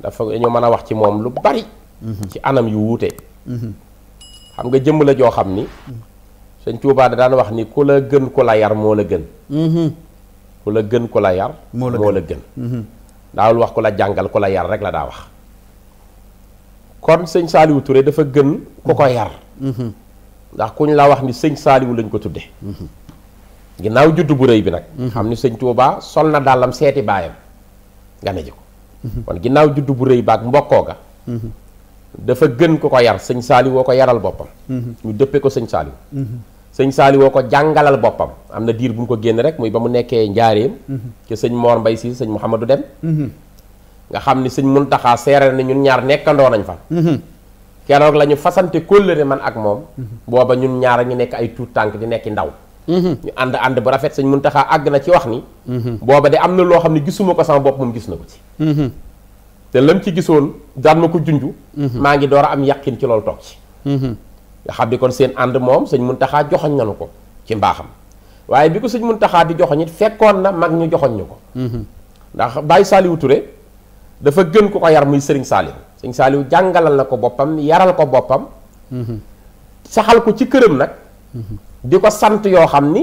dafa ñu mën a wax ci moom lu bari ci anam yu wuute xam nga jëmm la joo xam ni sëñ Tuubaa da daan wax ni ku la gën ku la yar moo la gën ku la gën ku la yar moo la gën daawul wax ku la jàngal ku la yar rek la daa wax kon sëñ Saaliwu Ture dafa gën ku ko yar ndax kuñ la wax ni sëñ Saaliwu lañ ko tudde ginnaaw juddu bu rëy bi nag xam ni sëñ Tuubaa sol na dàllam seeti baayam nga ko kon ginnaaw juddu bu rëy baag mbokkoo ga mhm. dafa gën ko ko yar sëñ saali woo ko yaral boppam mhm. ñu dëppee ko sëñ saali mhm. sëñ saali woo ko jàngalal boppam am na diir bu mu ko génn rek muy ba mu nekkee njaareem ci sëñ moor mbay si sëñ mouhamadou dem nga xam ni sëñ muntaxaa seere na ñun ñaar nekkandoo nañ fa keroog la ñu fasante kóllëre man ak moom booba ñun ñaar ñu nekk ay tuut tànk di nekki ndaw ñu ànd ànd bu rafet sañ mun Muntaxa àgg na ci wax ni mhm. booba de am na loo xam ne gisuma ko sama bopp moom gis na ko ci mhm. te lam ci gisoon daan ma ko junj mhm. maa ngi door a am yàqin ci loolu toog ci nga xam ni kon seen ànd moom sëñ Muntaxa joxoñ nanu ko ci mbaaxam waaye bi ko mun Muntaxa di joxoñ it fekkoon na mag ñu joxoñ ñu ko ndax bàyyi Saliou Touré dafa gën ku ko yar muy sëriñ Saliou sëriñ Saliou jàngalal na ko boppam yaral ko boppam saxal ko ci këram nag di ko sant yoo xam ni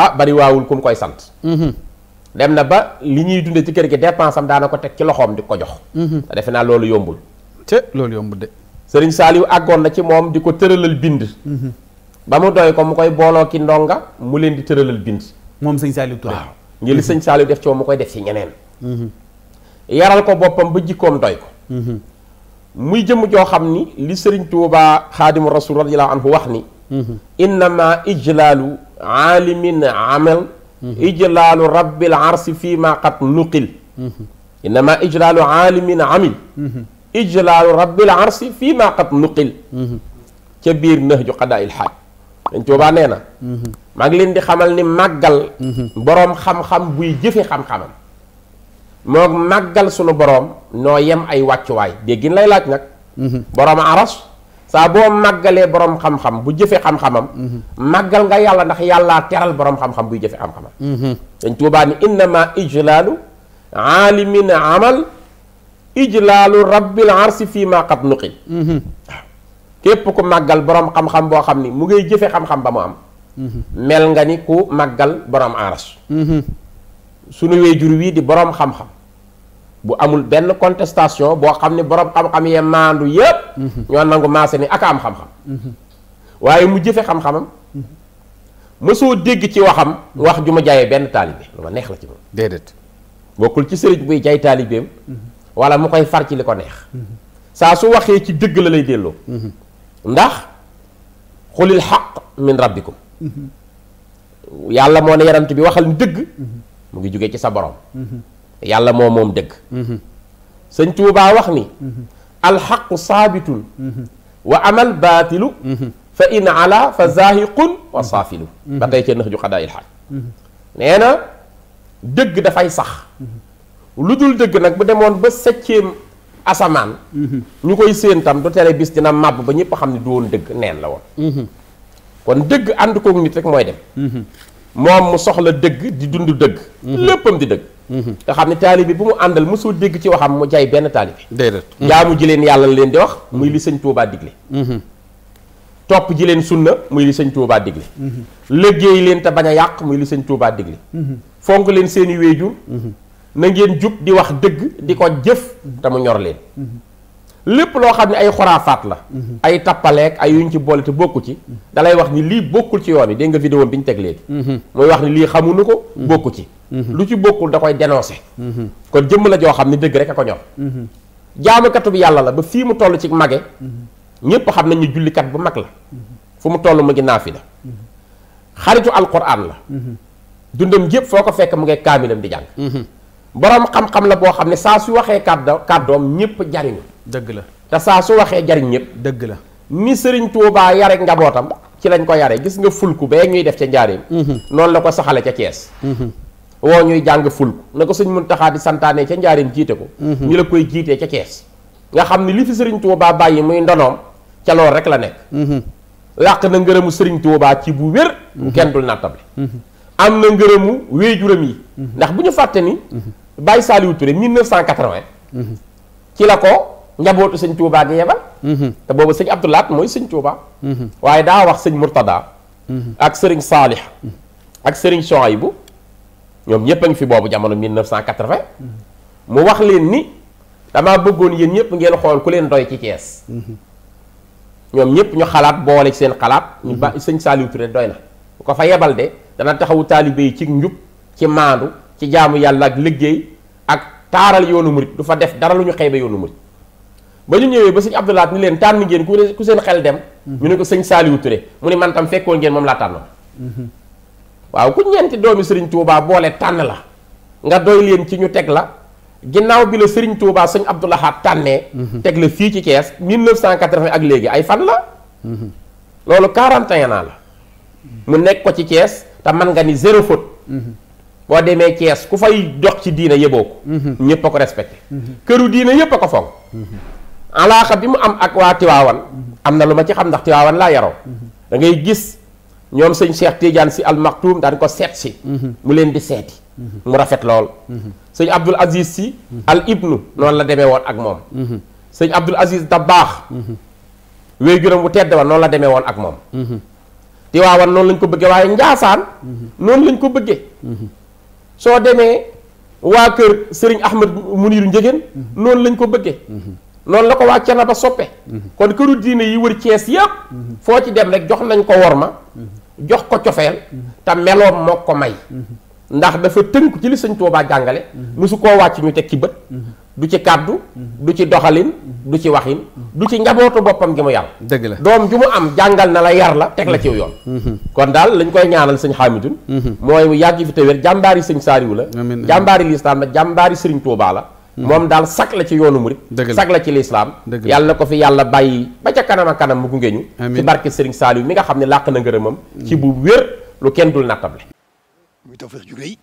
ah bari waawul ku mu koy sant. Mhm. dem na ba li ñuy dunde ci kër gi dépense am daana ko teg ci loxoom di ko jox. Mhm. te defe naa loolu yombul. te loolu yombul de. sëriñ Saliou àggoon na ci moom di ko tëralal bind. Mhm. ba mu doy ko mu koy booloo ki ndonga mu leen di tëralal bind. moom sëñ Saliou Touré waaw ngir li sëñ Saliou def ci moom mu koy def ci ñeneen. yaral ko boppam ba jikkoom doy ko. muy jëmm joo xam ni li sëriñ Touba xaadimu rasul radiyallahu anhu wax ni. innama ijlaalu aalimin amal ijlaalu rabbil arsi fii ma qad nuqil innama ijlaalu aalimin amil ijlaalu rabbil arsi fii ma qad nuqil ca biir nëx ju xadaa il xaaj dañ coobaa nee na maa ngi leen di xamal ni màggal boroom xam-xam buy jëfe xam-xamam moo màggal sunu boroom noo yem ay wàccuwaay déggin lay laaj nag mhm. boroom aras saa boo màggalee borom xam-xam bu jëfee xam-xamam mhm. màggal nga yàlla ndax yàllaa teral boroom xam-xam buy jëfe xam-xamam dañ mhm. tuubaa ni innama ijlaalu aalimin amal ijlaalu rabbil arsi fii ma qad mhm. képp ku màggal borom xam-xam boo xam ni mu ngay jëfe xam-xam ba mu am mel nga ni ku màggal borom aras sunu wéjur wii di boroom xam-xam bu amul benn contestation boo xam ne borom xam-xam yee maandu yëpp. ñoo nangu maase ni ak am xam-xam. waaye mu jëfe xam-xamam. mësoo dégg ci waxam. wax ju ma jaayee benn taalibe lu ma neex la ci moom. déedéet bokkul ci sëriñ buy jaay taalibeem. wala mu koy far ci li ko neex. saa su waxee ci dëgg la lay delloo. ndax xulil xaq min rabbikum. yàlla moo ne yarant bi waxal dëgg. mu ngi jógee ci sa borom. yàlla moo moom dëgg mhm. sëñ Tuubaa wax ni mhm. alxaqu saabitun mhm. wa amal baatilu fa in ala fa zaahiqun wa saafilu ba tey ca nax ju xadaa ilxaq nee na dëgg dafay sax lu dul dëgg nag bu demoon ba septième asamaan ñu koy séentam du tere bis dina màbb ba ñëpp xam ne du woon dëgg neen la woon kon dëgg ànd kook nit rek mooy dem moom mu soxla dëgg di dund dëgg. Mhm. léppam di dëgg. Mhm. nga xam ne taalibi bu mu àndal mosoo dégg ci waxam mu jaay benn taalibi. déedéet mhm. jaamu ji leen yàlla leen di wax muy li sëñ Tuubaa digle. topp ji leen sunna muy li sëñ Tuubaa digle. liggéey leen te bañ a yàq muy li sëñ Tuubaa digle. fonk leen seeni wéeju na ngeen jub di wax dëgg di ko jëf te mu ñor leen. lépp loo xam ne ay xoraafaat la mhm. ay tappaleek ay yuñ ci boole te bokku ci mhm. dalay wax ni lii bokkul ci yoon yi dégg nga vidéo bi ñu teg léegi mooy mhm. wax ni lii xamuñu ko bokku ci lu ci bokkul da koy dénoncé kon jëmm la joo xam ne dëgg rek a ko ñor jaamukatu bi yàlla la ba fii mu toll ci mage ñépp xam nañu jullikat bu mag la fu mu toll mu ngi naafi la xaritu alquran la dundam yépp foo ko fekk mu ngay kaamilam di jàng borom xam-xam la boo xam ne saa su waxee kàddo kàddoom ñépp jariñu dëgg la te saa su waxee jariñ ñëpp. dëgg la ni Serigne Touba yare njabootam ci lañ ko yare gis nga fulku bee ñuy def ca njaareem. Mhm. noonu la ko saxale ca Thiès. Mhm. woo ñuy jàng fulku na ko sëñ Muntaxa di santaanee ca njaareem jiite ko. Mhm. ñu la koy jiitee ca Thiès. nga xam ni li fi Serigne Touba bàyyi muy ndonoom ca loolu rek la nekk. làq na ngërëmu Serigne Touba ci bu wér. kenn dul nattable. am na ngërëmu wéejuram yi. ndax bu ñu fàtte ni. Baye Saliou Touré 1980. ci la ko. njabootu sëñ Touba gi yebal. Mm-hmm. te boobu sëñ Abdoulaat mooy sëñ Touba. Mm-hmm. waaye daa wax sëñ Murtada. Mm-hmm. ak sëriñ Saalix. ak sëriñ Chouaïbou ñoom ñëpp a ngi fi boobu jamono 1980. mu wax leen ni damaa bëggoon yéen ñëpp ngeen xool ku leen doy ci Thiès. ñoom ñëpp ñu xalaat boole ci seen xalaat. ñu ba sëñ Saliou Touré doy na. bu ko fa yebal de dana taxawu taalibe yi ci njub ci maandu ci jaamu yàlla ak liggéey ak taaral yoonu murit du fa def dara lu ñu xeebe yoonu murit ba ñu ñëwee ba sëñ Abdoulaat ni leen tànn ngeen ku ku seen xel dem mhm. ñu ne ko sëñ Saliou Touré mu ne man tam fekkoon ngeen moom laa tànnoon mhm. waaw ku ñeenti doomi sëriñ Touba boole tànn la nga doy leen ci ñu teg la ginnaaw bi la sëriñ Touba sëñ Abdoulahat tànnee mhm. teg la fii ci Thiès 1980 ak léegi ay fan la loolu 41 la mu nekk ko ci Thiès te man nga ni zéro faute boo demee Thiès ku fay jox ci diina yëboo ko ñépp a ko respecté këru diina yépp a ko fonk alaaxa bi mu am ak waa Tiwaawan am na lu ma ci xam ndax Tiwaawan laa yaroo da ngay gis ñoom sëñ Cheikh Tidiane si almaktuum daan ko seet si mu leen di seeti mu rafet lool sëñ Abdul Aziz si al ibnu noonu la demee woon ak moom sëñ Abdul Aziz da baax wéy juróom bu tedd wa noonu la demee woon ak moom Tiwaawan noonu lañ ko bëggee waaye Njaasaan noonu lañ ko bëggee soo demee waa kër sëriñ Ahmad Muniru Njëgéen noonu lañ ko bëggee noonu la ko waa Cana ba soppe mhm. kon këru diine yi wër Cees yëpp mhm. foo ci dem rek jox nañ ko ma mhm. jox ko cofeel te meloom moo ko may ndax dafa tënk ci li sëñ Tuubaa jàngale musu koo wàcc ñu teg ci bët du ci kàddu du ci doxalin du ci waxin du ci njabootu boppam gi mu yàlla dëgg la doom ju mu am jàngal na la yar la teg la ciw yoon kon daal lañ koy ñaanal sëñ Xaamidun mooy mu yàgg fi te wér jàmbaari sëñ Saaliw la jàmbaari lislaam la jàmbaari sëriñ Tuubaa la Hmm. moom daal sag la ci yoonu murid sag la ci lislaam yàlla ko fi yàlla bàyyi ba ca kanam a kanam mu gunge ñu ci barke Serigne Saliou mi nga xam ne làq na ngërëmam hmm. ci bu wér lu kenn dul nattable muy tawfeex ju rëy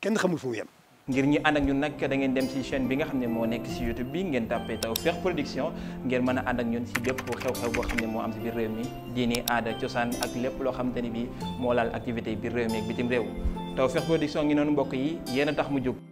kenn xamul fu mu yem ngir ñi ànd ak ñun nag da ngeen dem ci chaine bi nga xam ne moo nekk si YouTube bi ngeen tàppee Tawfekh Production ngeen mën a ànd ak ñun si bépp xew-xew boo xam ne moo am si biir réew mi diini aada cosaan ak lépp loo xamante ni bi moo laal activité biir réew mi ak bitim réew Tawfekh mbokk yi yéen tax mu jóg